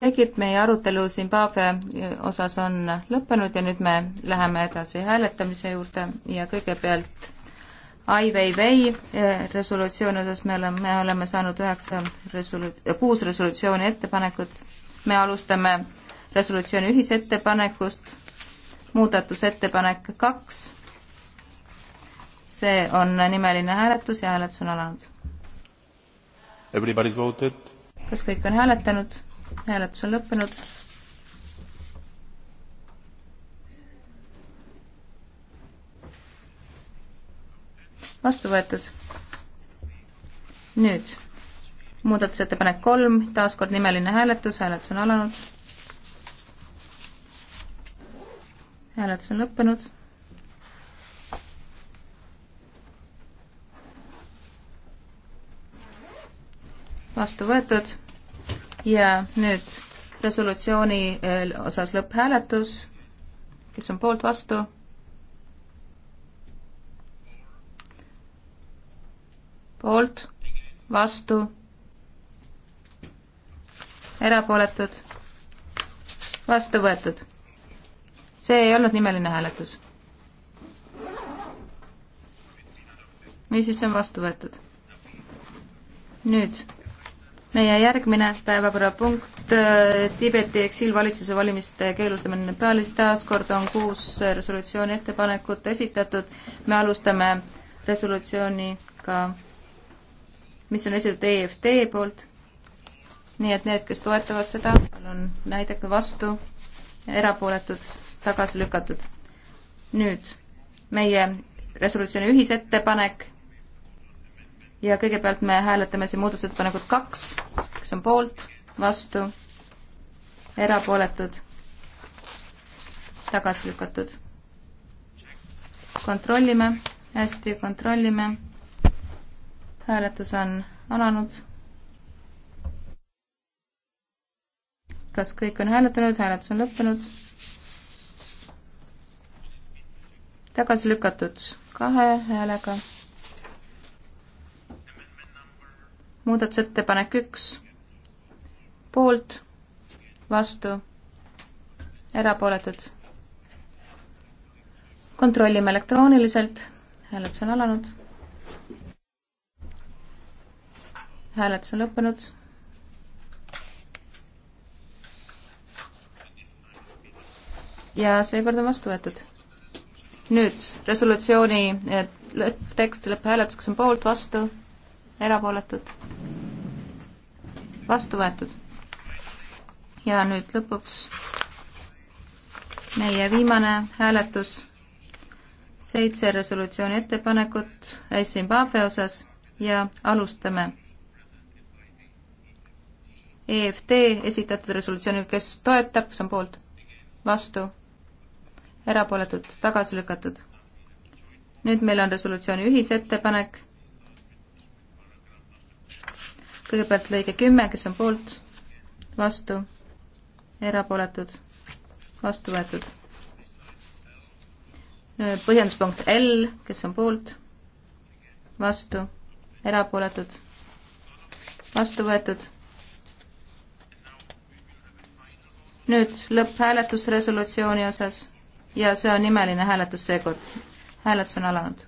kolleegid, meie arutelu Zimbabwe osas on lõppenud ja nüüd me läheme edasi hääletamise juurde ja kõigepealt Ai Weiwei eh, resolutsiooni osas me oleme, me oleme saanud üheksa resolu-, eh, kuus resolutsiooni ettepanekut. me alustame resolutsiooni ühisettepanekust, muudatusettepanek kaks, see on nimeline hääletus ja hääletus on alanud. kas kõik on hääletanud? hääletus on lõppenud. vastu võetud. nüüd muudatusettepanek kolm, taaskord nimeline hääletus, hääletus on alanud. hääletus on lõppenud vastu võetud ja nüüd resolutsiooni eh, osas lõpphääletus, kes on poolt, vastu? poolt, vastu, erapooletud, vastu võetud. see ei olnud nimeline hääletus. niisiis, see on vastu võetud. nüüd meie järgmine päevakorrapunkt, äh, Tiibeti eksiilvalitsuse valimiste keelustamine Nepaalis, taas kord on kuus resolutsiooni ettepanekut esitatud, me alustame resolutsiooniga, mis on esitatud EFD poolt, nii et need, kes toetavad seda, palun näidake vastu, erapooletud, tagasi lükatud. nüüd meie resolutsiooni ühisettepanek ja kõigepealt me hääletame siin muudatusettepanekut kaks, kes on poolt, vastu, erapooletud, tagasi lükatud. kontrollime, hästi, kontrollime. hääletus on alanud. kas kõik on hääletanud, hääletus on lõppenud? tagasi lükatud kahe häälega muudatusettepanek üks, poolt, vastu, erapooletud. kontrollime elektrooniliselt, hääletus on alanud. hääletus on lõppenud ja seekord on vastu võetud. nüüd resolutsiooni eh, tekst lõpphääletuseks on poolt, vastu, erapooletud vastu võetud. ja nüüd lõpuks meie viimane hääletus, seitse resolutsiooni ettepanekut Zimbabwe osas ja alustame. EFT esitatud resolutsiooni, kes toetab, kes on poolt, vastu, erapooletud, tagasi lükatud. nüüd meil on resolutsiooni ühisettepanek kõigepealt lõige kümme, kes on poolt, vastu, erapooletud, vastu võetud. põhjenduspunkt L, kes on poolt, vastu, erapooletud, vastu võetud. nüüd lõpphääletus resolutsiooni osas ja see on nimeline hääletus seekord. hääletus on alanud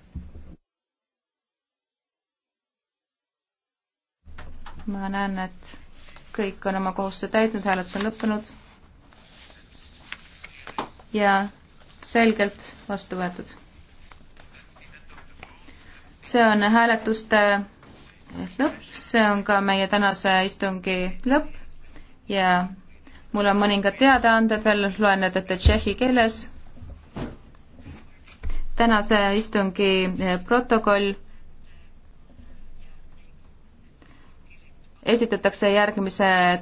ma näen, et kõik on oma kohustuse täitnud, hääletus on lõppenud ja selgelt vastu võetud. see on hääletuste lõpp, see on ka meie tänase istungi lõpp ja mul on mõningad teadaanded veel, loen need ette tšehhi keeles. tänase istungi protokoll esitatakse järgmised